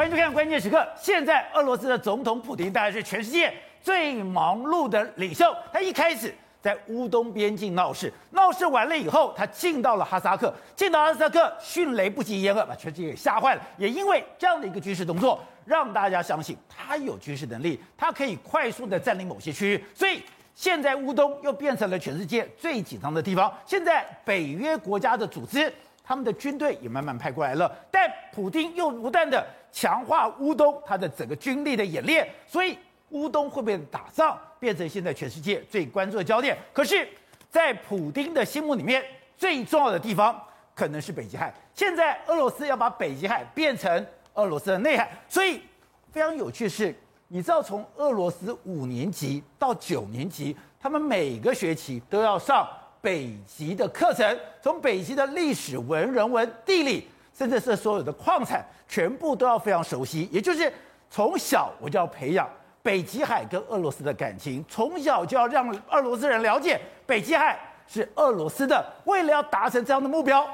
歡迎收看關鍵時刻。現在，俄羅斯的總統普丁，大概是全世界最忙碌的領袖。他一開始在烏東邊境鬧事，鬧事完了以後，他進到了哈薩克，進到哈薩克，迅雷不及掩耳，把全世界給嚇壞了。也因為這樣的一個軍事動作，讓大家相信他有軍事能力，他可以快速的占領某些區域。所以，現在烏東又變成了全世界最緊張的地方。現在，北約國家的組織。他們的軍隊也慢慢派過來了，但普丁又不斷的強化烏東他的整個軍力的演練，所以烏東會被打仗變成現在全世界最關注的焦點。可是，在普丁的心目裡面，最重要的地方可能是北極海。現在俄羅斯要把北極海變成俄羅斯的內海，所以非常有趣的是，你知道從俄羅斯五年級到九年級，他們每個學期都要上。北極的課程，從北極的歷史、文人文、地理，甚至是所有的礦產，全部都要非常熟悉。也就是從小我就要培養北極海跟俄羅斯的感情，從小就要讓俄羅斯人了解北極海是俄羅斯的。為了要達成這樣的目標，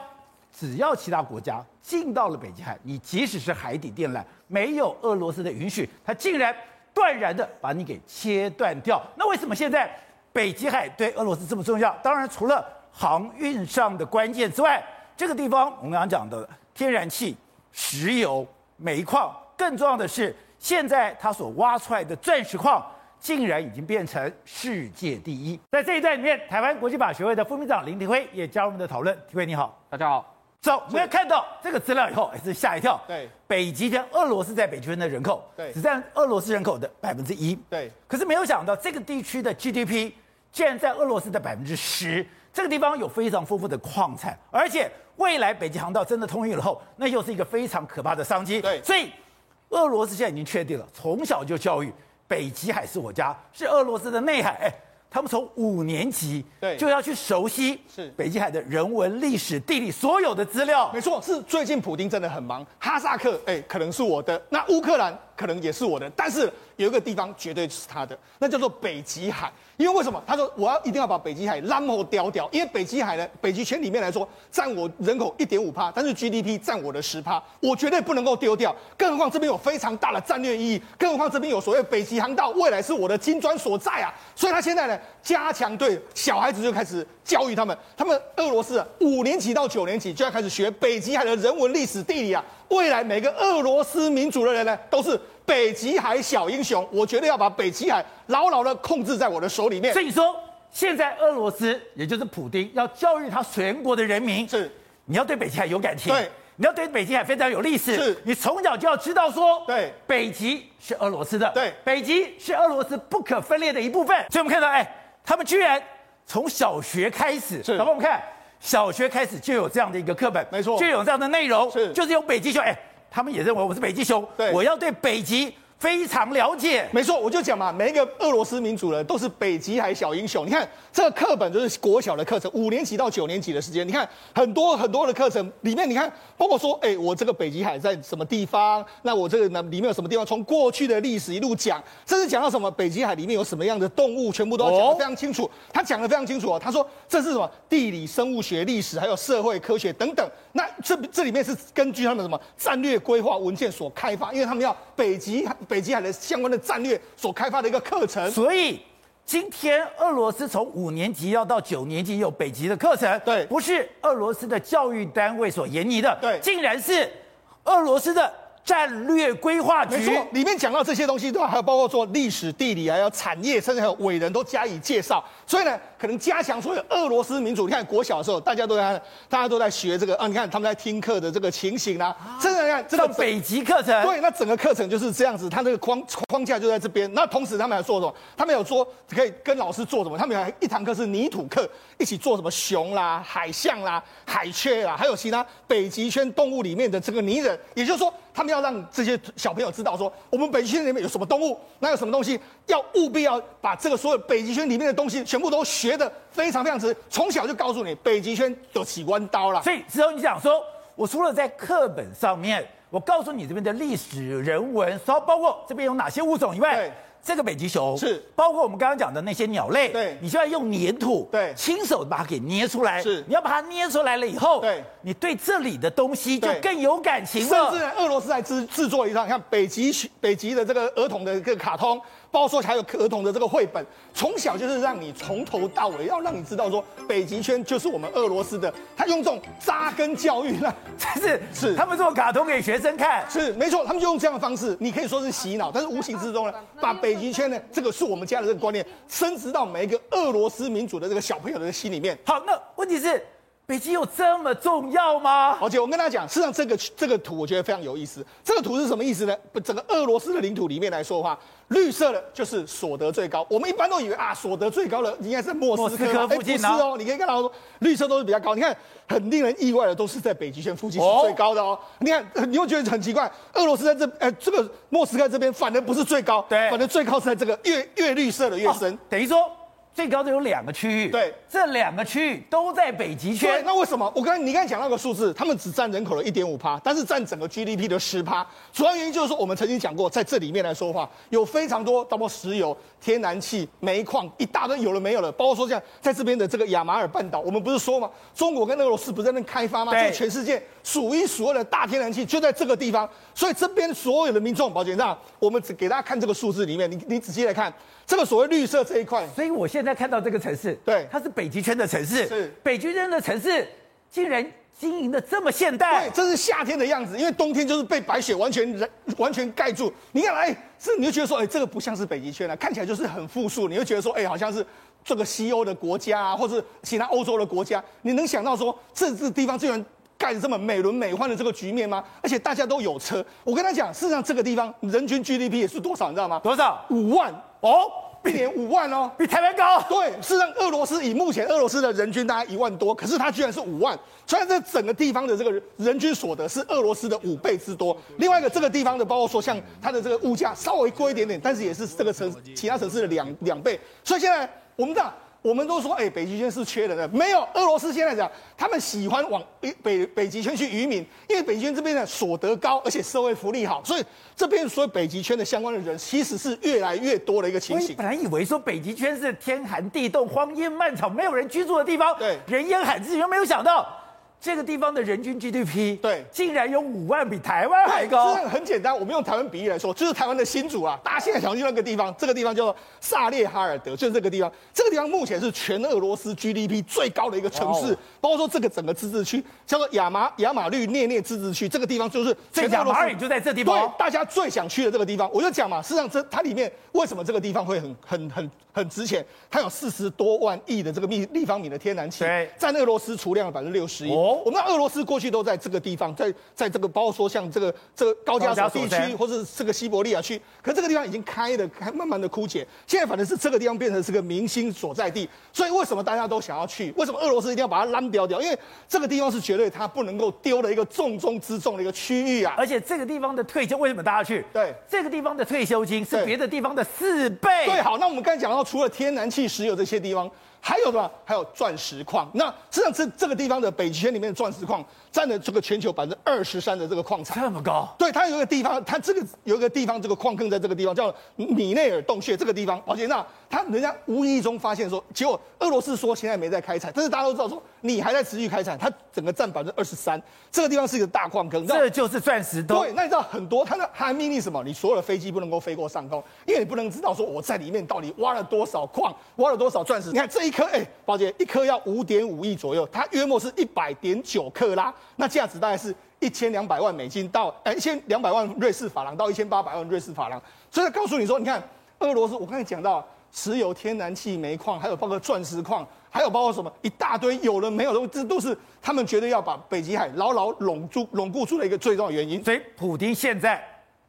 只要其他國家進到了北極海，你即使是海底電纜，沒有俄羅斯的允許，它竟然斷然的把你給切斷掉。那為什麼現在？北極海對俄羅斯這麼重要，當然除了航運上的關鍵之外，這個地方我們剛講的天然氣、石油、煤礦，更重要的是，現在它所挖出來的鑽石礦竟然已經變成世界第一。在這一段裡面，台灣國際法學會的副秘書長林廷輝也加入我們的討論。廷輝你好，大家好。走，我們要看到這個資料以後也是嚇一跳。對，北極跟俄羅斯在北極圈的人口，對只佔俄羅斯人口的百分之一。對，可是沒有想到這個地區的 GDP。現在俄羅斯的百分之十，這個地方有非常豐富、富的礦產，而且未來北極航道真的通運了後，那又是一個非常可怕的商機。對，所以俄羅斯現在已經確定了，從小就教育北極海是我家，是俄羅斯的內海。哎、欸，他們從五年級對就要去熟悉是北極海的人文、歷史、地理所有的資料。沒錯，是最近普丁真的很忙。哈薩克哎、欸，可能是我的那烏克蘭。可能也是我的，但是有一個地方絕對是他的，那叫做北極海。因為為什麼？他說我要一定要把北極海拉姆丟掉，因為北極海呢，北極圈裡面來說，占我人口一點五趴，但是 GDP 占我的十趴，我絕對不能夠丟掉。更何況這邊有非常大的戰略意義，更何況這邊有所謂北極航道，未來是我的金磚所在啊。所以他現在呢，加強對小孩子就開始教育他們，他們俄羅斯啊，五年級到九年級就要開始學北極海的人文、歷史、地理啊。未來每個俄羅斯民主的人呢，都是北極海小英雄。我絕對要把北極海牢牢的控制在我的手裡面。所以說，現在俄羅斯，也就是普丁，要教育他全國的人民，是你要對北極海有感情，對你要對北極海非常有歷史，是你從小就要知道說，對北極是俄羅斯的，對北極是俄羅斯不可分裂的一部分。所以我們看到，哎，他們居然從小學開始，來是我們看。小學開始就有這樣的一個課本，沒錯錯，就有這樣的內容，是，就是有北極熊。哎、欸，他們也認為我是北極熊，對我要對北極。非常了解，沒錯，我就講嘛，每一個俄羅斯民族人都是北極海小英雄。你看這個課本就是國小的課程，五年級到九年級的時間，你看很多很多的課程裡面，你看包括說，哎、欸，我這個北極海在什麼地方？那我這個呢，裡面有什麼地方？從過去的歷史一路講，這是講到什麼北極海裡面有什麼樣的動物，全部都要講得非常清楚。他講、oh. 得非常清楚，他說，這是什麼地理、生物學、歷史，還有社會科學等等。那這這裡面是根據他們什麼戰略規劃文件所開發，因為他們要北極。北極海的相關的戰略所開發的一個課程，所以今天俄羅斯從五年級要到九年級有北極的課程，對，不是俄羅斯的教育單位所研擬的，對，竟然是俄羅斯的戰略規劃局，沒錯，裡面講到這些東西，對，還有包括做歷史、地理，還有產業，甚至還有偉人都加以介紹，所以呢。可能加強所有俄羅斯民主。你看國小的時候，大家都在大家都在學這個。啊，你看他們在聽課的這個情形啦、啊，真的，啊，你看這叫、個、北極課程。對，那整個課程就是這樣子，它這個框框架就在這邊。那同時他們還做什麼？他們有做可以跟老師做什麼？他們還一堂課是泥土課，一起做什麼熊啦、海象啦、海雀啦，還有其他北極圈動物裡面的這個泥人。也就是說，他們要讓這些小朋友知道說，我們北極圈裡面有什麼動物，那有什麼東西，要務必要把這個所有北極圈裡面的東西全部都學。覺得非常非常值從小就告訴你，北極圈有起彎刀了。所以之後你想說，我除了在課本上面，我告訴你這邊的歷史人文，然後包括這邊有哪些物種以外，對這個北極熊是包括我們剛剛講的那些鳥類，對，你就要用黏土，對，親手把它給捏出來。是，你要把它捏出來了以後，對，你對這裡的東西就更有感情了。甚至俄羅斯在制制作一套，像北極北極的這個兒童的一個卡通。包括說還有兒童的這個繪本，從小就是讓你從頭到尾要讓你知道說北極圈就是我們俄羅斯的。他用這種扎根教育呢，才是是他們做卡通給學生看，是,是沒錯，他們就用這樣的方式，你可以說是洗腦，但是無形之中呢，把北極圈呢這個是我們家的這個觀念，深植到每一個俄羅斯民族的這個小朋友的心裡面。好，那問題是。北極有這麼重要嗎？而且、okay, 我跟他講，事實上這個這個圖我覺得非常有意思。這個圖是什麼意思呢？整個俄羅斯的領土裡面來說的話，綠色的就是所得最高。我們一般都以為啊，所得最高的應該是莫斯科，啊、莫斯科附近斯，啊欸、不是哦，你可以看到綠色都是比較高。你看，很令人意外的都是在北極圈附近是最高的哦。哦你看，你會覺得很奇怪，俄羅斯在這哎、欸，這個莫斯科這邊反而不是最高，對，反正最高是在這個越越綠色的越深，啊、等於說。最高的有兩個區域，對，這兩個區域都在北極圈。對，那為什麼我剛才你剛才講那個數字，他們只佔人口的一點五趴，但是佔整個 GDP 的十趴？主要原因就是說，我們曾經講過，在這裡面來說話，有非常多，包括石油、天然氣、煤礦，一大堆有的沒有的，包括說像在這邊的這個亞馬爾半島，我們不是說嗎？中國跟俄羅斯不是在那開發嗎？就是對全世界數一數二的大天然氣就在這個地方，所以這邊所有的民眾，寶傑，我們只給大家看這個數字裡面，你你仔細來看。這個所謂綠色這一塊，所以我現在看到這個城市，對，它是北極圈的城市，是北極圈的城市，竟然經營的這麼現代，對，這是夏天的樣子，因為冬天就是被白雪完全完全蓋住。你看來，哎，是，你就覺得說，哎，這個不像是北極圈啊，看起來就是很富庶，你就覺得說，哎，好像是這個西歐的國家啊，或是其他歐洲的國家。你能想到說，這這地方竟然蓋着這麼美輪美奐的這個局面嗎？而且大家都有車。我跟他講，事實上這個地方人均 GDP 是多少，你知道嗎？多少？五萬。哦，一年五萬哦，比台灣高。對，是讓俄羅斯以目前俄羅斯的人均大概一萬多，可是它居然是五萬，所以這整個地方的這個人均所得是俄羅斯的五倍之多。另外一個這個地方的，包括說像它的這個物價稍微貴一點點，但是也是這個城其他城市的兩兩倍。所以現在我們知道。我們都說，哎、欸，北極圈是缺人的，沒有俄羅斯現在講，他們喜歡往北北極圈去移民，因為北極圈這邊的所得高，而且社會福利好，所以這邊所有北極圈的相關的人其實是越來越多的一個情形。我本來以為說北極圈是天寒地凍、荒煙漫草、沒有人居住的地方，對，人煙罕至，沒有想到。這個地方的人均 GDP 對，竟然有五萬，比台灣還高。這很簡單，我們用台灣比例來說，就是台灣的新竹啊，大家現在想去那個地方，這個地方叫做薩列哈爾德，就是這個地方。這個地方目前是全俄羅斯 GDP 最高的一個城市，哦、包括說這個整個自治區叫做亞馬亞馬爾涅涅自治區，這個地方就是全俄羅斯就在這地方、哦，對，大家最想去的這個地方。我就講嘛，事實際上這它裡面為什麼這個地方會很很很很值錢？它有四十多萬億的這個密立方米的天然氣，對佔俄羅斯儲量的百分之六十一。哦哦，我們俄羅斯過去都在這個地方，在在這個，包括說像這個這個高加索地區，或是這個西伯利亞區。可是這個地方已經開的開，還慢慢的枯竭。現在反正是這個地方變成是個明星所在地，所以為什麼大家都想要去？為什麼俄羅斯一定要把它攔標掉？因為這個地方是絕對它不能夠丟的一個重中之重的一個區域啊！而且這個地方的退休，為什麼大家去？對，這個地方的退休金是別的地方的四倍。對，對，好，那我們剛才講到，除了天然氣、石油這些地方。還有什麼？還有鑽石礦。那實際上，這這個地方的北極圈裡面的鑽石礦占了這個全球百分之二十三的這個礦產，這麼高？對，它有一個地方，它這個有一個地方，這個礦坑在這個地方叫米內爾洞穴。這個地方，而且那。他人家無意中發現說，結果俄羅斯說現在沒在開採，但是大家都知道說你還在持續開採，它整個占百分之二十三，這個地方是一個大礦坑，這就是鑽石洞。對，那你知道很多，它的，還命令什麼？你所有的飛機不能夠飛過上空，因為你不能知道說我在裡面到底挖了多少礦，挖了多少鑽石。你看這一顆，哎、欸，寶傑，一顆要五點五億左右，它約莫是一百點九克拉，那價值大概是一千兩百萬美金到哎一千兩百萬瑞士法郎到一千八百萬瑞士法郎。所以告訴你說，你看俄羅斯，我剛才講到。石油、持有天然氣、煤礦，還有包括鑽石礦，還有包括什麼一大堆，有了沒有的，這都是他們絕對要把北極海牢牢攏住、攏固住的一個最重要原因。所以，普丁現在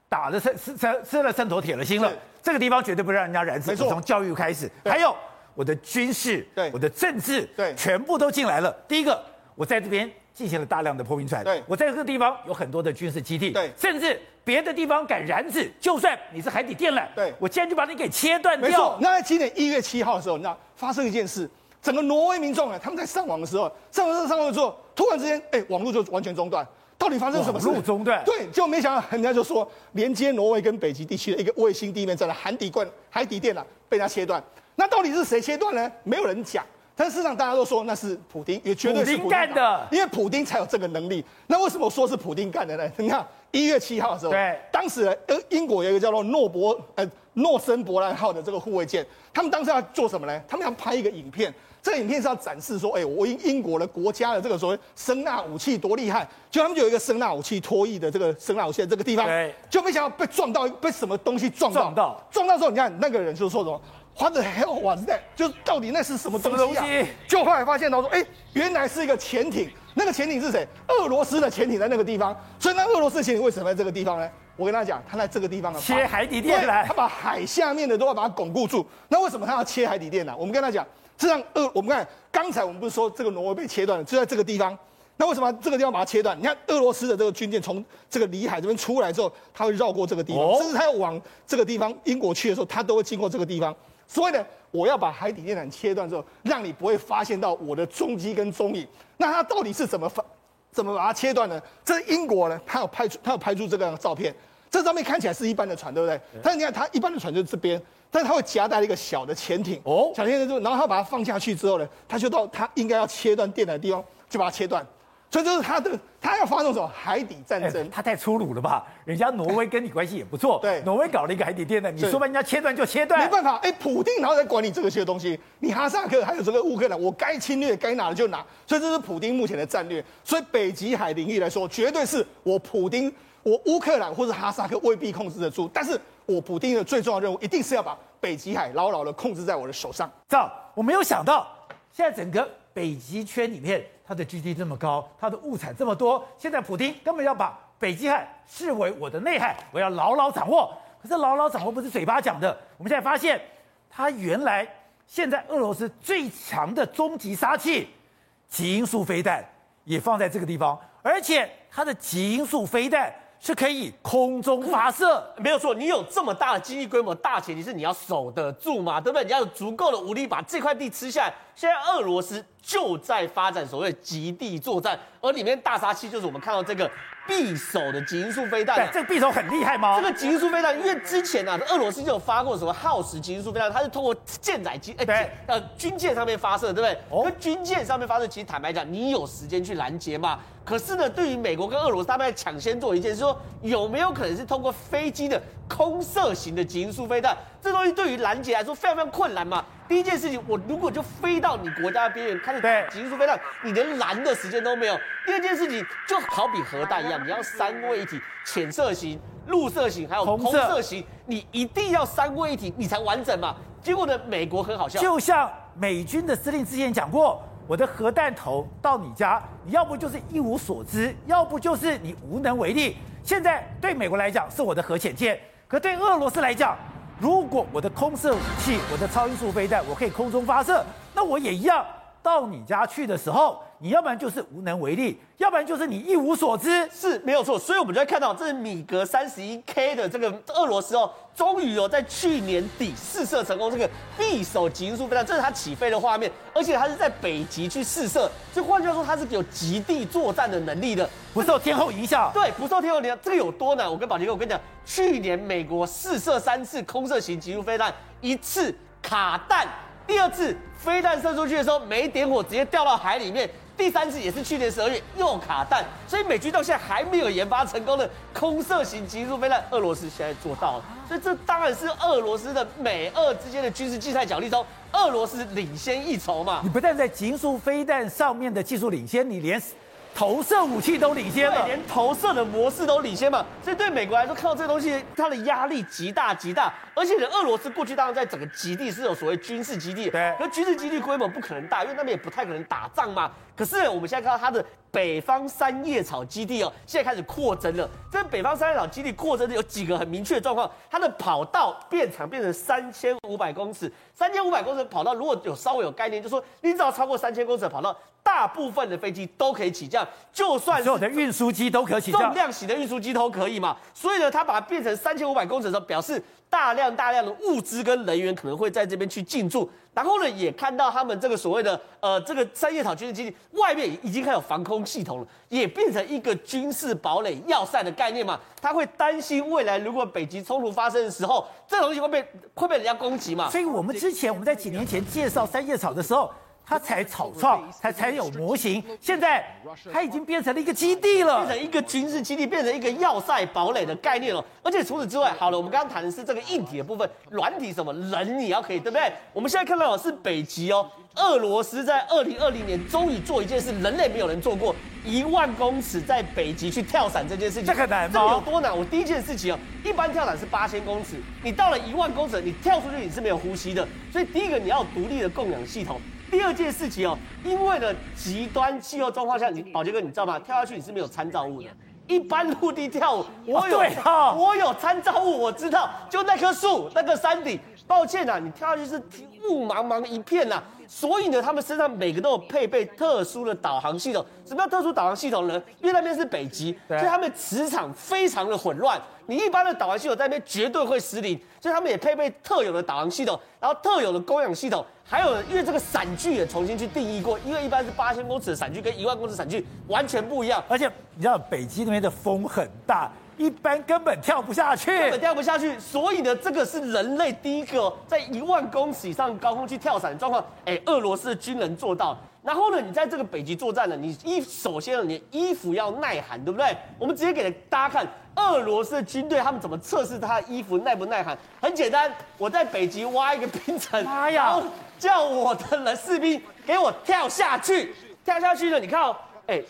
打的是是是，吃了秤砣，鐵了心了，對這個地方絕對不讓人家染指。沒錯錯，從教育開始，對還有我的軍事，對，我的政治，對，全部都進來了。對第一個，我在這邊。進行了大量的破冰船。對，我在這個地方有很多的軍事基地。對，甚至別的地方敢染指，就算你是海底電纜，對，我今天就把你給切斷掉。沒錯。那在今年一月七號的時候，你知道，發生一件事，整個挪威民眾啊，他們在上網的時候，上網上上網的時候，突然之間哎、欸，網絡就完全中斷。到底發生什麼？路中斷。對，就沒想到人家就說，連接挪威跟北極地區的一個衛星地面站的海底罐、海底電纜被他切斷。那到底是誰切斷呢？沒有人講。但是事實上，大家都說那是普丁，也絕對是普丁幹的，因為普丁才有這個能力。那為什麼我說是普丁幹的呢？你看一月七號的時候，對，當時英國有一個叫做諾伯呃諾森伯蘭號的這個護衛艦，他們當時要做什麼呢？他們要拍一個影片，這個影片是要展示說，哎、欸，我英英國的國家的這個所謂聲納武器多厲害。就他們就有一個聲納武器拖曳的這個聲納武器的這個地方，對就沒想到被撞到被什麼東西撞到撞到，撞到之後，你看那個人就說什麼？玩的很好玩的，就是到底那是什麼東西啊？東西就後來發現他說：“哎、欸，原來是一個潛艇。”那個潛艇是誰？俄羅斯的潛艇在那個地方。所以那俄羅斯潛艇為什麼在這個地方呢？我跟他講，它在這個地方切海底電纜，它把海下面的都要把它鞏固住。那為什麼它要切海底電纜啊？我們跟他講，這讓俄我們看剛才我們不是說這個挪威被切斷了，就在這個地方。那為什麼這個地方把它切斷？你看俄羅斯的這個軍艦從這個裡海這邊出來之後，它會繞過這個地方，甚至它要往這個地方英國去的時候，它都會經過這個地方。所以呢，我要把海底電纜切斷之後，讓你不會發現到我的蹤跡跟蹤影。那它到底是怎麼發，怎麼把它切斷呢？這是英國呢，它有拍出，它有拍出這個照片。這照片看起來是一般的船，對不對？但是你看它一般的船就是這邊，但它會夾帶一個小的潛艇。哦，小潛艇之後，然後它把它放下去之後呢，它就到它應該要切斷電纜的地方，就把它切斷。所以就是他的，他要發動什麼海底戰爭？他、欸、太粗魯了吧！人家挪威跟你關係也不錯。對，挪威搞了一個海底電纜，你說把人家切斷就切斷，沒辦法。哎、欸，普丁然後再管你這些東西。你哈薩克還有這個烏克蘭，我該侵略該拿的就拿。所以這是普丁目前的戰略。所以北極海領域來說，絕對是我普丁，我烏克蘭或者哈薩克未必控制得住。但是，我普丁的最重要任務，一定是要把北極海牢牢的控制在我的手上。這樣，我沒有想到，現在整個北極圈裡面。它的基地這麼高，它的物產這麼多，現在普丁根本要把北極海視為我的內海，我要牢牢掌握。可是牢牢掌握不是嘴巴講的，我們現在發現，他原來現在俄羅斯最強的終極殺器——極音速飛彈，也放在這個地方，而且他的極音速飛彈。是可以空中發射，嗯、沒有錯。你有這麼大的經濟規模，大前提是你要守得住嘛，對不對？你要有足夠的武力把這塊地吃下來。現在俄羅斯就在發展所謂的極地作戰，而裡面大殺器就是我們看到這個。匕首的極速飛彈，啊，這個匕首很厲害嗎？這個極速飛彈，因為之前啊，俄羅斯就有發過什麼耗時極速飛彈，它是通過艦載機，呃，軍艦上面發射，對不對？那、哦、軍艦上面發射，其實坦白講，你有時間去攔截嗎？可是呢，對於美國跟俄羅斯，他們要搶先做一件事，是說有沒有可能是通過飛機的？空射型的極音速飛彈，這東西對於攔截來說非常非常困難嘛。第一件事情，我如果就飛到你國家邊緣，開始對，極音速飛彈，你連攔的時間都沒有。第二件事情，就好比核彈一樣，你要三位一體，潛射型、陸射型，還有空射型，色你一定要三位一體，你才完整嘛。結果呢，美國很好笑，就像美軍的司令之前講過，我的核彈頭到你家，你要不就是一無所知，要不就是你無能為力。現在對美國來講，是我的核潛艇。可對俄羅斯來講，如果我的空射武器、我的超音速飛彈，我可以空中發射，那我也一樣到你家去的時候。你要不然就是無能為力，要不然就是你一無所知，是沒有錯。所以我們就會看到這是米格三十一 K 的這個俄羅斯哦，終於哦在去年底試射成功這個匕首極音速飛彈，這是它起飛的畫面，而且它是在北極去試射，所以換句話說，它是有極地作戰的能力的，是不受天候影響。對，不受天候影響。這個有多難？我跟寶傑哥，我跟你講，去年美國試射三次空射型極音速飛彈，一次卡彈，第二次飛彈射出去的時候沒點火，直接掉到海裡面。第三次也是去年十二月又卡彈，所以美軍到現在還沒有研發成功的空射型極速飛彈，俄羅斯現在做到了。所以這當然是俄羅斯的美俄之間的軍事競賽角力中，俄羅斯領先一籌嘛。你不但在極速飛彈上面的技術領先，你連。投射武器都領先嘛，連投射的模式都領先嘛，所以對美國來說，看到這個東西，它的壓力極大極大。而且，俄羅斯過去當然在整個極地是有所謂軍事基地，對，那軍事基地規模不可能大，因為那邊也不太可能打仗嘛。可是，我們現在看到它的北方三葉草基地哦，現在開始擴增了。這北方三葉草基地擴增的有幾個很明確的狀況，它的跑道變長，變成三千五百公尺。三千五百公尺的跑道，如果有稍微有概念，就是說你只要超過三千公尺的跑道，大部分的飛機都可以起降，就算所有的運輸機都可以起降，重量級的運輸機都可以嘛。所以呢，他把它變成三千五百公尺的時候，表示大量大量的物資跟人員可能會在這邊去進駐。然後呢，也看到他們這個所謂的呃這個三葉草軍事基地外面已經開始有防空系統了，也變成一個軍事堡壘要塞的概念嘛。他會擔心未來如果北極衝突發生的時候，這種東西會被會被人家攻擊嘛。所以我們之前我們在幾年前介紹三葉草的時候，它才草創，才才有模型。現在它已經變成了一個基地了，變成一個軍事基地，變成一個要塞堡壘的概念了。而且除此之外，好了，我們剛剛談的是這個硬體的部分，軟體什麼人你要可以，對不對？我們現在看到的是北極哦，俄羅斯在二零二零年終於做一件事，人類沒有人做過，一萬公尺在北極去跳傘這件事情。這個難嗎？這個有多難？我第一件事情哦，一般跳傘是八千公尺，你到了一萬公尺，你跳出去你是沒有呼吸的，所以第一個你要獨立的供氧系統。第二件事情哦，因為的極端氣候狀況下，你寶傑哥你知道嗎？跳下去你是沒有參照物的。一般陸地跳舞，我有，哦哦、我有參照物，我知道，就那棵樹，那個山頂。抱歉啦、啊，你跳下去是霧茫茫一片吶、啊，所以呢，他們身上每個都有配備特殊的導航系統。什麼叫特殊導航系統呢？因為那邊是北極，對，所以他們磁場非常的混亂。你一般的導航系統在那邊絕對會失靈，所以他們也配備特有的導航系統，然後特有的供氧系統，還有因為這個傘具也重新去定義過，因為一般是八千公尺的傘具跟一萬公尺傘具完全不一樣，而且你知道北極那邊的風很大。一般根本跳不下去，根本跳不下去。所以呢，這個是人類第一個在一萬公尺以上高空去跳傘的狀況。哎，欸，俄羅斯的軍人做到。然後呢，你在這個北極作戰呢，你衣首先呢，你衣服要耐寒，對不對？我們直接給大家看俄羅斯的軍隊他們怎麼測試他的衣服耐不耐寒。很簡單，我在北極挖一個冰層，哎呀，叫我的人士兵給我跳下去，跳下去呢，你看哦。哎、欸，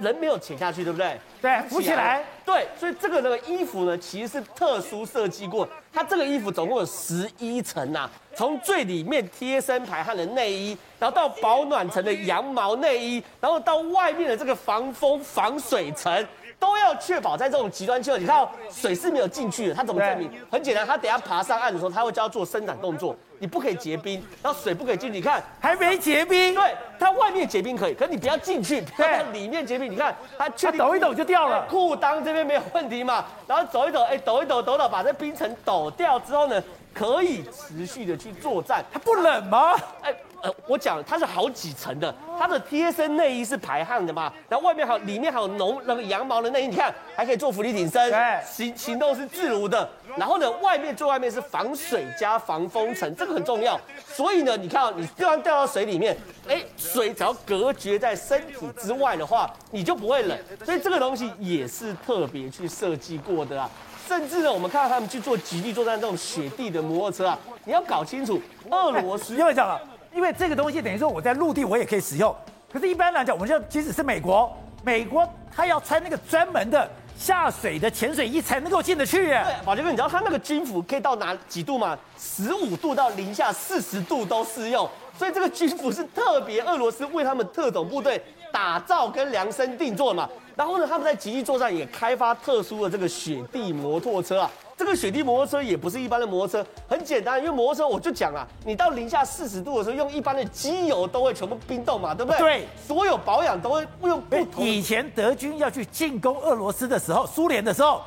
人沒有潛下去，對不對？對，浮起來。對，所以這個那個衣服呢，其實是特殊設計過。它這個衣服總共有十一層吶，從最裡面貼身排汗的內衣，然後到保暖層的羊毛內衣，然後到外面的這個防風防水層，都要確保在這種極端氣候。你看到水是沒有進去的，它怎麼證明？很簡單，他等下爬上岸的時候，他會教做伸展動作。你不可以結冰，然後水不可以進去。你看，還沒結冰。他對，它外面結冰可以，可是你不要進去。對、欸，他裡面結冰，你看它，它抖一抖就掉了。欸、褲襠這邊沒有問題嘛？然後走一走，哎、欸，抖一抖，抖抖，把這冰層抖掉之後呢，可以持續的去作戰。它不冷嗎？哎。欸呃，我講它是好幾層的，它的貼身內衣是排汗的嘛，然後外面還有，裡面還有濃那個羊毛的內衣，你看還可以做浮力挺身，行行動是自如的。然後呢，外面最外面是防水加防風層，這個很重要。所以呢，你看到、哦、你突然掉到水裡面，哎，水只要隔絕在身體之外的話，你就不會冷。所以這個東西也是特別去設計過的啊。甚至呢，我們看到他們去做極地作戰這種雪地的摩托車啊，你要搞清楚，俄羅斯又講了。因為這個東西等於說，我在陸地我也可以使用，可是，一般來講，我們說即使是美國，美國他要穿那個專門的下水的潛水衣才能夠進得去耶。對、啊，寶杰哥，你知道他那個軍服可以到哪幾度嗎？十五度到零下四十度都適用。所以這個軍服是特別俄羅斯為他們特種部隊打造跟量身定做的嘛。然後呢，他們在極地作戰也開發特殊的這個雪地摩托車、啊。這個雪地摩托車也不是一般的摩托車，很簡單，因為摩托車我就講啊，你到零下四十度的時候，用一般的機油都會全部冰凍嘛，對不對？對，所有保養都會用不同、欸。以前德軍要去進攻俄羅斯的時候，蘇聯的時候，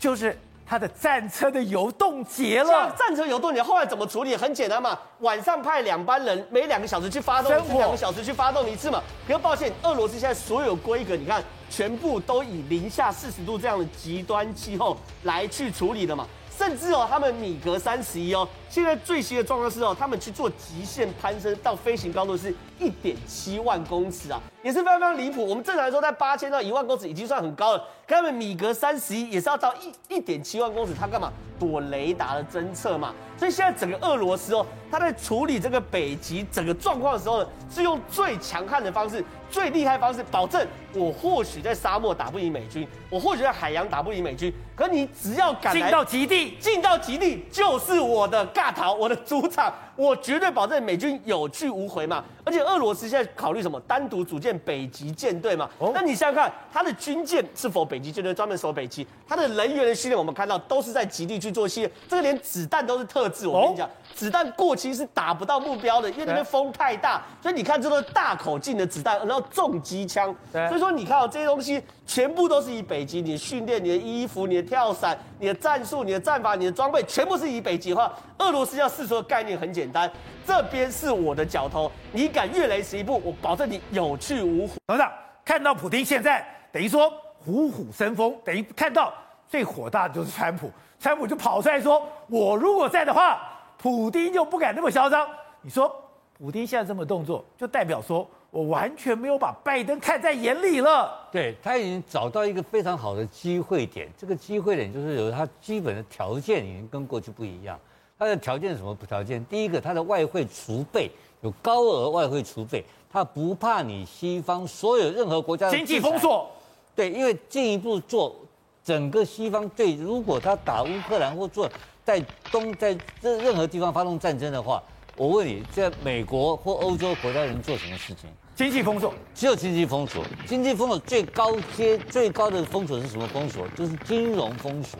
就是他的戰車的油凍結了，戰車油凍你後來怎麼處理？很簡單嘛，晚上派兩班人，每兩個小時去發動活兩個小時去發動一次嘛。不要抱歉，俄羅斯現在所有規格，你看。全部都以零下四十度這樣的極端氣候來去處理的嘛，甚至哦，他們米格三十一哦。現在最新的狀況是哦，他們去做極限攀升，到飛行高度是一點七萬公尺啊，也是非常非常離譜。我們正常來說，在八千到一萬公尺已經算很高了，跟他們米格三十一也是要到一一點七萬公尺，他幹嘛，躲雷達的偵測嘛？所以現在整個俄羅斯哦，他在處理這個北極整個狀況的時候呢，是用最強悍的方式、最厲害的方式，保證我或許在沙漠打不贏美軍，我或許在海洋打不贏美軍，可你只要敢來進到極地，進到極地就是我的。下逃，我的主場，我絕對保證美軍有去無回嘛！而且俄羅斯現在考慮什麼，單獨組建北極艦隊嘛？哦，那你想想看他的軍艦是否北極艦隊專門守北極？他的人員的訓練，我們看到都是在極地去做訓練，這個連子彈都是特制。我跟你講。哦子彈過期是打不到目標的，因為那邊風太大，對所以你看，這都是大口徑的子彈，然後重機槍。對，所以說你看哦，這些東西全部都是以北極。你訓練你的衣服，你的跳傘，你的戰術，你的戰法，你的裝備，全部是以北極的話，俄羅斯要試出的概念很簡單，這邊是我的角頭，你敢越雷池一步，我保證你有去無回。等等，看到普丁現在等於說虎虎生風，等於看到最火大的就是川普，川普就跑出來說，我如果在的話。普丁就不敢那麼囂張。你說，普丁現在這麼動作，就代表說我完全沒有把拜登看在眼裡了。對，他已經找到一個非常好的機會點，這個機會點就是有他基本的條件已經跟過去不一樣。他的條件是什麼？條件第一個，他的外匯儲備有高額外匯儲備，他不怕你西方所有任何國家經濟封鎖。對，因為進一步做整個西方對，如果他打烏克蘭或做。在東在這任何地方發動戰爭的話，我問你，在美國或歐洲國家能做什麼事情？經濟封鎖，只有經濟封鎖。經濟封鎖最高階、最高的封鎖是什麼？封鎖就是金融封鎖。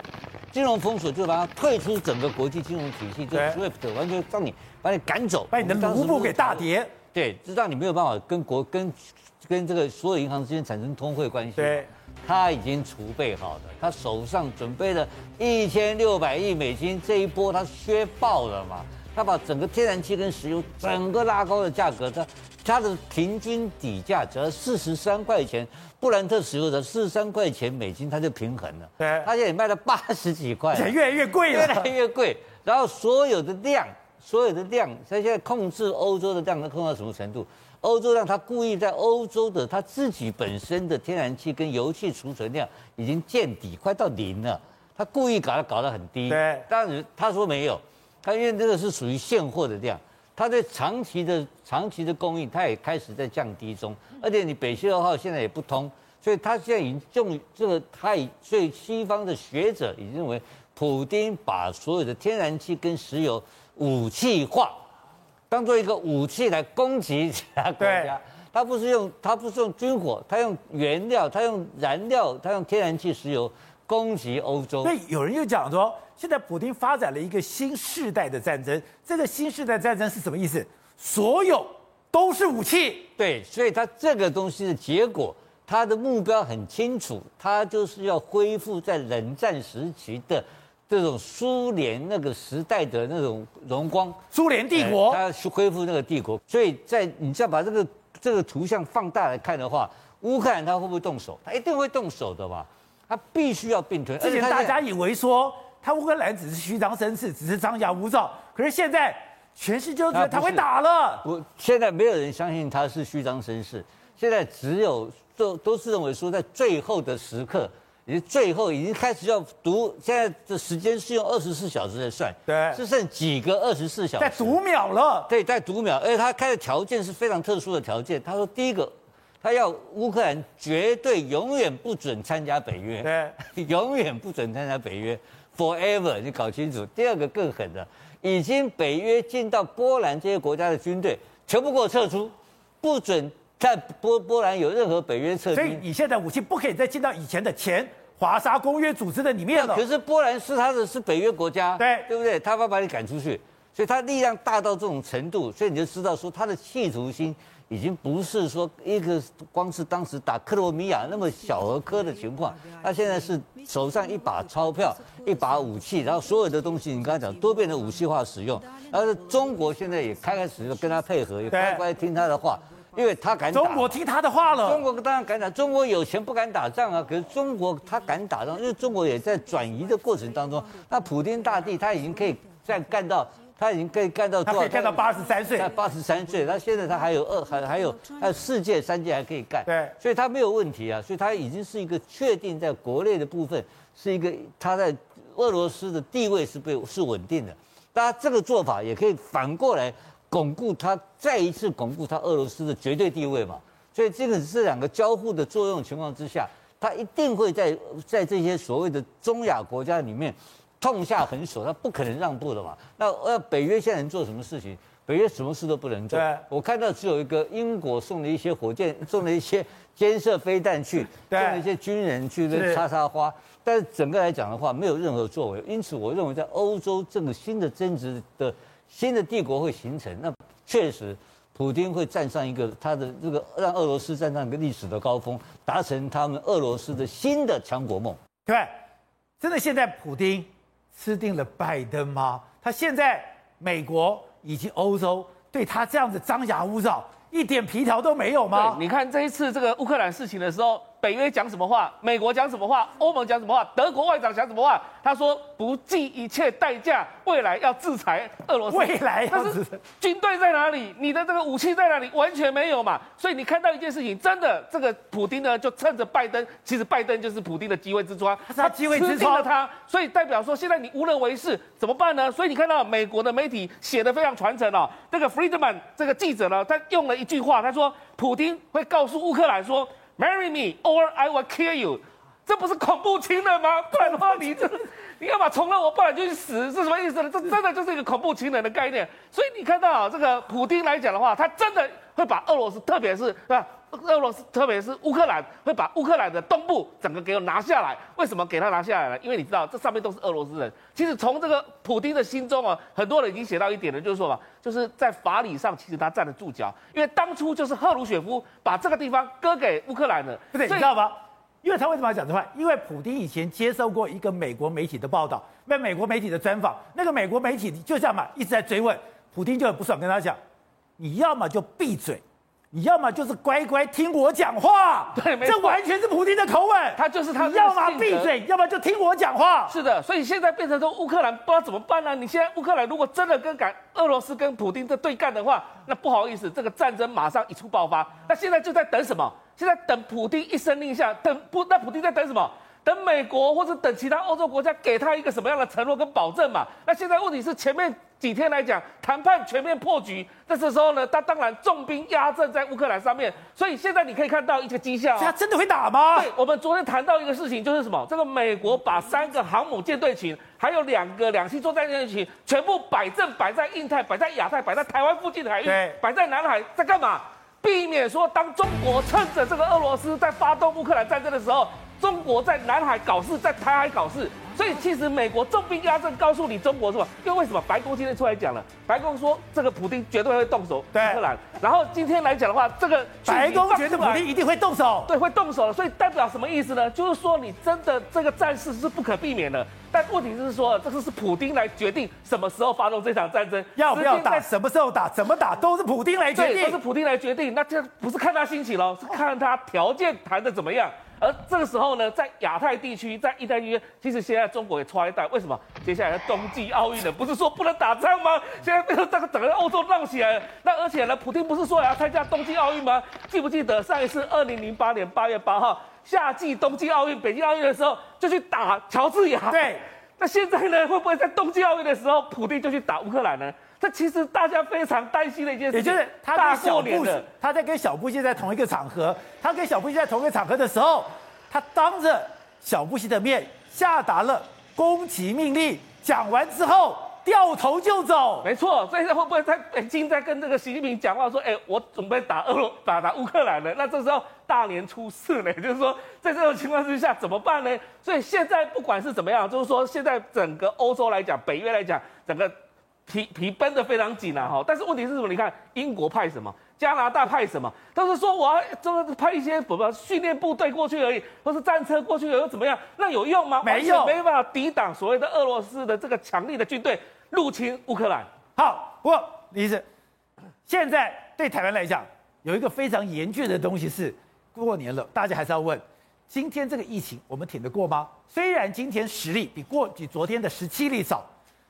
金融封鎖就是把它退出整個國際金融體系，就 SWIFT 完全讓你把你趕走，把你的盧布給大跌。對，就讓你沒有辦法跟國跟跟這個所有銀行之間產生通匯關係。對。他已經儲備好了，他手上準備了一千六百億美金，這一波他削爆了嘛。他把整個天然氣跟石油整個拉高的價格，它它的平均底價只要四十三塊錢，布蘭特石油只要四十三塊錢美金，它就平衡了。對，他現在也賣到八十幾塊，越來越貴了，越來越貴。然後所有的量，所有的量，他現在控制歐洲的量能控制到什麼程度？歐洲讓他故意在歐洲的他自己本身的天然氣跟油氣儲存量已經見底，快到零了。他故意搞它搞得很低，對。當然他說沒有，他因為這個是屬於現貨的量，他在長期的長期的供應，他也開始在降低中。而且你北溪二號現在也不通，所以他現在已經用這個，他以所以西方的學者已經認為，普丁把所有的天然氣跟石油武器化。當做一個武器來攻擊其他國家，對他不是用他不是用軍火，他用原料，他用燃料，他用天然氣、石油攻擊歐洲。那有人又講說，現在普丁發展了一個新世代的戰爭，這個新世代戰爭是什麼意思？所有都是武器。對，所以他這個東西的結果，他的目標很清楚，他就是要恢復在冷戰時期的。這種蘇聯那個時代的那種榮光，蘇聯帝國，呃、他去恢復那個帝國。所以在你只要把這個這個圖像放大來看的話，烏克蘭他會不會動手？他一定會動手的嘛，他必須要併吞。而且大家以為說，他烏克蘭只是虛張聲勢，只是張牙舞爪，可是現在全世界都覺得他會打了。我現在沒有人相信他是虛張聲勢，現在只有都都是認為說，在最後的時刻。你最後已經開始要讀，現在的時間是用二十四小時來算，對，是剩幾個二十四小時？在讀秒了，對，在讀秒。而且他開的條件是非常特殊的條件。他說，第一個，他要烏克蘭絕對永遠不准參加北約，對，永遠不准參加北約，forever，你搞清楚。第二個更狠的，已經北約進到波蘭這些國家的軍隊全部給我撤出，不准。在波波蘭有任何北約設定，所以你現在武器不可以再進到以前的前華沙公約組織的裡面了。可是波蘭是他的是北約國家，對，對不對？他要把，把你趕出去，所以他力量大到這種程度，所以你就知道說他的企圖心已經不是說一個光是當時打克羅米亞那麼小兒科的情況，他現在是手上一把鈔票，一把武器，然後所有的東西你剛才講都變成武器化使用，然後中國現在也開始跟他配合，對也乖乖聽他的話。因為他敢打，中國聽他的話了。中國當然敢打，中國有錢不敢打仗啊。可是中國他敢打仗，因為中國也在轉移的過程當中。那普丁大帝，他已經可以再幹到，他已經可以幹到多少？他可以幹到八十三歲。八十三歲，他現在他還有二，還還有還有世界三屆還可以幹。對，所以他沒有問題啊。所以他已經是一個確定，在國內的部分是一個他在俄羅斯的地位是被是穩定的。當然這個做法也可以反過來。鞏固它，再一次鞏固它，俄羅斯的絕對地位嘛。所以這個這兩個交互的作用情況之下，它一定會在在這些所謂的中亞國家裡面，痛下狠手，它不可能讓步的嘛。那呃，北約現在能做什麼事情？北約什麼事都不能做。對 我看到只有一個英國送了一些火箭，送了一些肩射飛彈去，送了一些軍人去那插插花，但是整個來講的話，沒有任何作為。因此，我認為在歐洲這個新的爭執的。新的帝國會形成，那確實，普丁會站上一個他的這個，讓俄羅斯站上一個歷史的高峰，達成他們俄羅斯的新的強國夢。對、對，真的現在普丁吃定了拜登嗎？他現在美國以及歐洲對他這樣子張牙舞爪，一點皮條都沒有嗎？你看這一次這個烏克蘭事情的時候。北約講什麼話，美國講什麼話，歐盟講什麼話，德國外長講什麼話？他說不計一切代價，未來要制裁俄羅斯。未來，但是軍隊在哪裡？你的這個武器在哪裡？完全沒有嘛！所以你看到一件事情，真的，這個普丁呢，就趁着拜登，其實拜登就是普丁的機會之窗，他機會之窗，他所以代表說，現在你無能為力怎麼辦呢？所以你看到美國的媒體寫得非常傳承哦，這個 Friedman 這個記者呢，他用了一句話，他說，普丁會告訴烏克蘭說。Marry me, or I will kill you。這不是恐怖情人嗎？不然的話你、就是，你這你幹嘛從了我，不然就去死，是什麼意思呢？這真的就是一個恐怖情人的概念。所以你看到這個普丁來講的話，他真的會把俄羅斯，特別是，是吧？俄羅斯，特別是烏克蘭，會把烏克蘭的東部整個給我拿下來。為什麼給他拿下來呢？因為你知道，這上面都是俄羅斯人。其實從這個普丁的心中啊，很多人已經寫到一點了，就是說嘛，就是在法理上其實他站得住腳，因為當初就是赫魯雪夫把這個地方割給烏克蘭的，不對是，以你知道嗎？因為他為什麼要講這話？因為普丁以前接受過一個美國媒體的報道，被美國媒體的專訪，那個美國媒體就這樣嘛，一直在追問，普丁就很不爽，跟他講，你要麼就閉嘴。你要麼就是乖乖聽我講話，對，沒錯。這完全是普丁的口吻，他就是他的。要麼閉嘴，要麼就聽我講話。是的，所以現在變成說烏克蘭不知道怎麼辦呢、啊？你現在烏克蘭如果真的跟敢俄羅斯跟普丁這對幹的話，那不好意思，這個戰爭馬上一觸爆發。那現在就在等什麼？現在等普丁一聲令下，等不？那普丁在等什麼？等美國或者等其他歐洲國家給他一個什麼樣的承諾跟保證嘛。那現在問題是前面幾天來講談判全面破局，那這時候呢，他當然重兵壓陣在烏克蘭上面，所以現在你可以看到一個跡象。他真的會打嗎？對，我們昨天談到一個事情，就是什麼？這個美國把三個航母艦隊群，還有兩個兩棲作戰艦隊群，全部擺正擺在印太、擺在亞太、擺在台灣附近海域，擺在南海，在幹嘛？避免說當中國趁着這個俄羅斯在發動烏克蘭戰爭的時候。中國在南海搞事，在台海搞事，所以其實美國重兵壓陣，告訴你中國是吧？又為，為什麼白宮今天出來講了？白宮說這個普丁絕對會動手對烏克蘭，然後今天來講的話，這個白宮覺得普丁一定會動手，對，會動手了，所以代表什麼意思呢？就是說你真的這個戰事是不可避免的，但問題是說這個是普丁來決定什麼時候發動這場戰爭要不要打，什麼時候打，怎麼打都是普丁來決定，對都是普丁來決定，那這不是看他心情咯，是看他條件談的怎麼樣。而這個時候呢，在亞太地區，在一帶一路，其實現在中國也差一代，為什麼？接下來的冬季奧運了，不是說不能打仗嗎？現在這個整個歐洲鬧起來了，那而且呢，普丁不是說要參加冬季奧運嗎？記不記得上一次二零零八年八月八號夏季冬季奧運北京奧運的時候，就去打喬治亞。對，那現在呢，會不會在冬季奧運的時候，普丁就去打烏克蘭呢？這其實大家非常擔心的一件事情，也就是他大過年的，他在跟小布希在同一個場合，他跟小布希在同一個場合的時候，他當着小布希的面下達了攻擊命令，講完之後掉頭就走。沒錯，所以他會不會在北京在跟這個習近平講話說：“誒，我準備打俄羅，打打烏克蘭了。”那這時候大年初四呢，就是說在這種情況之下怎麼辦呢？所以現在不管是怎麼樣，就是說現在整個歐洲來講，北約來講，整個。皮皮繃得非常緊啊，哈！但是問題是什麼？你看英國派什麼，加拿大派什麼，都是說我要就是派一些什麼訓練部隊過去而已，或是戰車過去又怎麼樣？那有用嗎？沒有，沒辦法抵擋所謂的俄羅斯的這個強力的軍隊入侵烏克蘭。好，不過李子，現在對台灣來講有一個非常嚴峻的東西是，過年了，大家還是要問，今天這個疫情我們挺得過嗎？雖然今天十例比過去昨天的十七例少，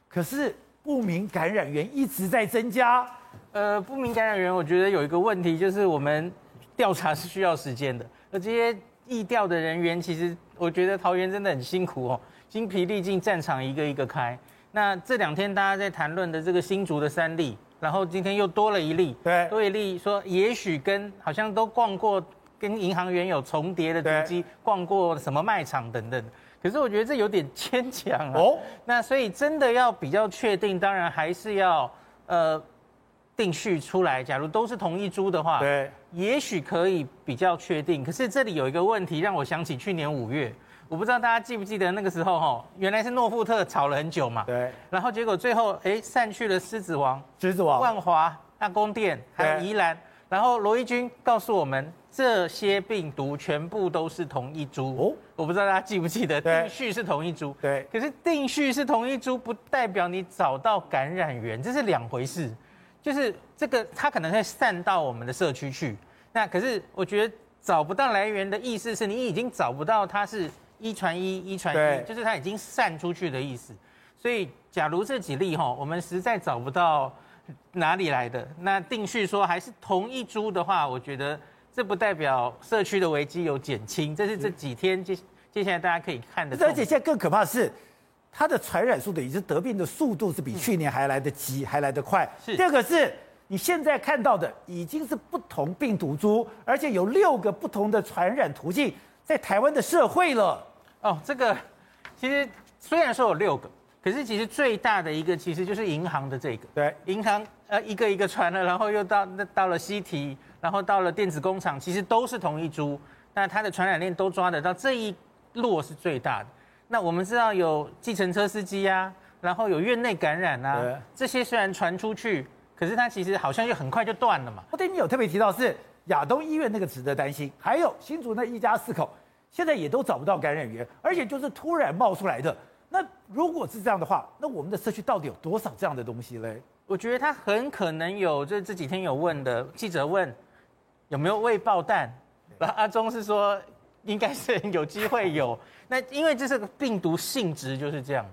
可是。不明感染源一直在增加，呃，不明感染源，我覺得有一個問題就是我們調查是需要時間的，而這些疫調的人員，其實我覺得桃園真的很辛苦哦，精疲力盡，戰場一個一個開。那這兩天大家在談論的這個新竹的三例，然後今天又多了一例，對，多一例，說也許跟好像都逛過，跟銀行員有重疊的足跡，逛過什麼賣場等等。可是我覺得這有點牽強啊。哦。那所以真的要比較確定，當然還是要呃定序出來。假如都是同一株的話，對，也許可以比較確定。可是這裡有一個問題，讓我想起去年五月，我不知道大家記不記得那個時候哈，原來是諾富特炒了很久嘛。對。然後結果最後哎散去了獅子王、獅子王、萬華、大宮殿還有宜蘭，對然後羅一鈞告訴我們。這些病毒全部都是同一株哦，我不知道大家記不記得定序是同一株，對。可是定序是同一株，不代表你找到感染源，這是兩回事。就是這個它可能會散到我們的社區去。那可是我覺得找不到來源的意思，是你已經找不到它是一傳一、一傳一，就是它已經散出去的意思。所以，假如這幾例哈，我們實在找不到哪裡來的，那定序說還是同一株的話，我覺得。這不代表社區的危機有減輕，這是這幾天接是接下來大家可以看的。而且現在更可怕的是，它的傳染速度以及得病的速度是比去年還來得急，嗯、還來得快。是第二個是你現在看到的已經是不同病毒株，而且有六個不同的傳染途徑在台灣的社會了。哦，這個其實雖然說有六個，可是其實最大的一個其實就是銀行的這個。對，銀行呃一個一個傳了，然後又到那到了西堤。然後到了電子工廠，其實都是同一株，那它的傳染鏈都抓得到，這一落是最大的。那我們知道有計程車司機啊，然後有院內感染啊，對這些雖然傳出去，可是它其實好像又很快就斷了嘛。我對，你有特別提到是亞東醫院那個值得擔心，還有新竹那一家四口，現在也都找不到感染源，而且就是突然冒出來的。那如果是這樣的話，那我們的社區到底有多少這樣的東西嘞？我覺得他很可能有，就這幾天有問的記者問。有沒有未爆彈？阿中是說，應該是有機會有。那因為這是個病毒性質就是這樣。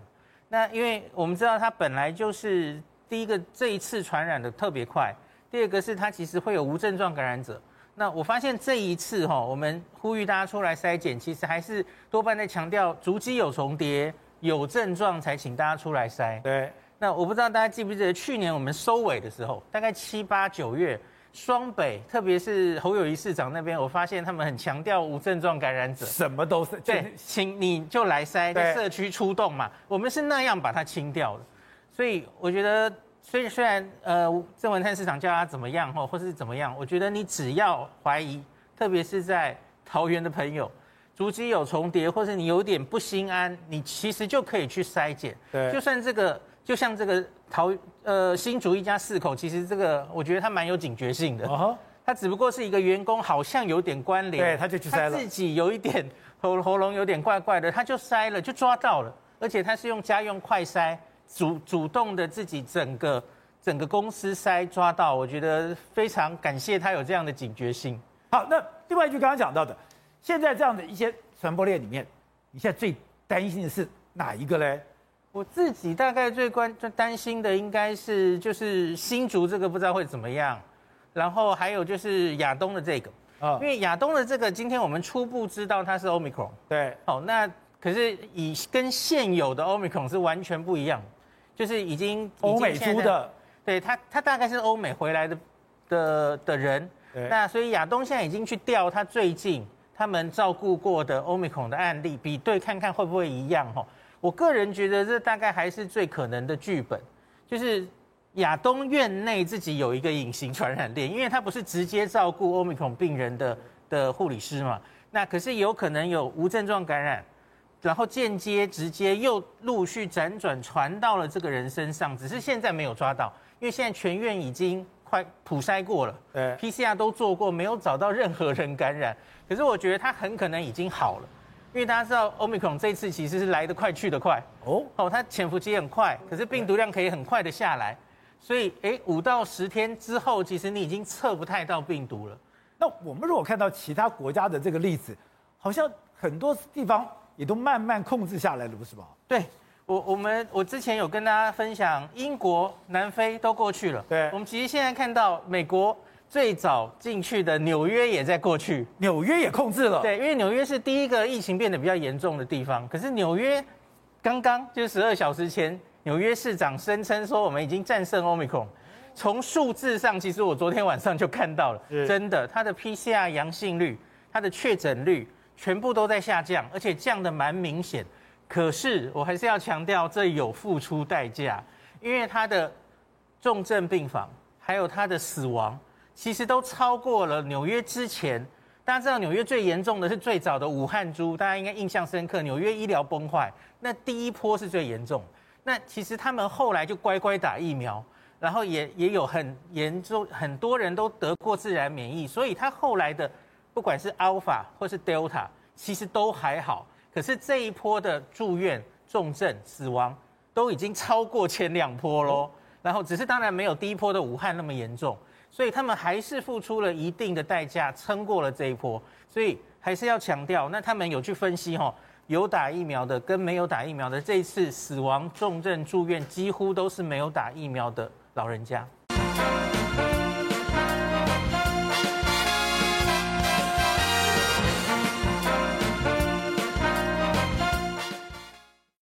那因為我們知道它本來就是第一個，這一次傳染的特別快；第二個是它其實會有無症狀感染者。那我發現這一次哈，我們呼籲大家出來篩檢，其實還是多半在強調足跡有重疊、有症狀才請大家出來篩。對。那我不知道大家記不記得去年我們收尾的時候，大概七八九月。雙北，特別是侯友宜市長那邊，我發現他們很強調無症狀感染者，什麼都是對，請你就來篩，對在社區出動嘛，我們是那樣把它清掉的。所以我覺得，雖雖然呃，鄭文燦市長叫他怎麼樣或或是怎麼樣，我覺得你只要懷疑，特別是在桃園的朋友，足跡有重疊，或是你有點不心安，你其實就可以去篩檢。對，就算這個，就像這個。陶呃，新竹一家四口，其實這個我覺得他蠻有警覺性的。哦、uh，huh. 他只不過是一個員工，好像有點關聯，對，他就去篩了。他自己有一點喉喉嚨有點怪怪的，他就篩了，就抓到了，而且他是用家用快篩，主主動的自己整個整個公司篩抓到，我覺得非常感謝他有這樣的警覺性。好，那另外一句剛剛講到的，現在這樣的一些傳播鏈裡面，你現在最擔心的是哪一個呢？我自己大概最關最擔心的應該是就是新竹這個，不知道會怎麼樣，然後還有就是亞東的這個，啊，因為亞東的這個今天我們初步知道它是歐米孔，對，哦，那可是以跟現有的歐米孔是完全不一樣，就是已經歐美出的在在，對他，他大概是歐美回來的的的人，對，那所以亞東現在已經去調他最近他們照顧過的歐米孔的案例比對看看會不會一樣哈。我個人覺得這大概還是最可能的劇本，就是亞東院內自己有一個隱形傳染鏈，因為他不是直接照顧 Omicron 病人的的護理師嘛，那可是有可能有無症狀感染，然後間接、直接又陸續輾轉傳到了這個人身上，只是現在沒有抓到，因為現在全院已經快普篩過了，PCR 都做過，沒有找到任何人感染，可是我覺得他很可能已經好了。因為大家知道，歐米克隆這次其實是來得快去得快哦，哦，它潛伏期很快，可是病毒量可以很快的下來，所以哎，五到十天之後，其實你已經測不太到病毒了。那我們如果看到其他國家的這個例子，好像很多地方也都慢慢控制下來了，不是嗎？對我，我們我之前有跟大家分享，英國、南非都過去了。對，我們其實現在看到美國。最早進去的紐約也在過去，紐約也控制了。對，因為紐約是第一個疫情變得比較嚴重的地方。可是紐約剛剛就是十二小時前，紐約市長聲稱說，我們已經戰勝 Omicron。從數字上，其實我昨天晚上就看到了，是真的，它的 PCR 陽性率、它的確診率全部都在下降，而且降得蠻明顯。可是我還是要強調，這有付出代價，因為它的重症病房還有它的死亡。其實都超過了紐約之前。大家知道紐約最嚴重的是最早的武漢株，大家應該印象深刻。紐約醫療崩壞，那第一波是最嚴重。那其實他們後來就乖乖打疫苗，然後也也有很嚴重，很多人都得過自然免疫，所以他後來的不管是 Alpha 或是 Delta，其實都還好。可是這一波的住院、重症、死亡都已經超過前兩波嘍。然後只是當然沒有第一波的武漢那麼嚴重。所以他們還是付出了一定的代價，撐過了這一波。所以還是要強調，那他們有去分析哦，吼，有打疫苗的跟沒有打疫苗的，這一次死亡、重症、住院幾乎都是沒有打疫苗的老人家。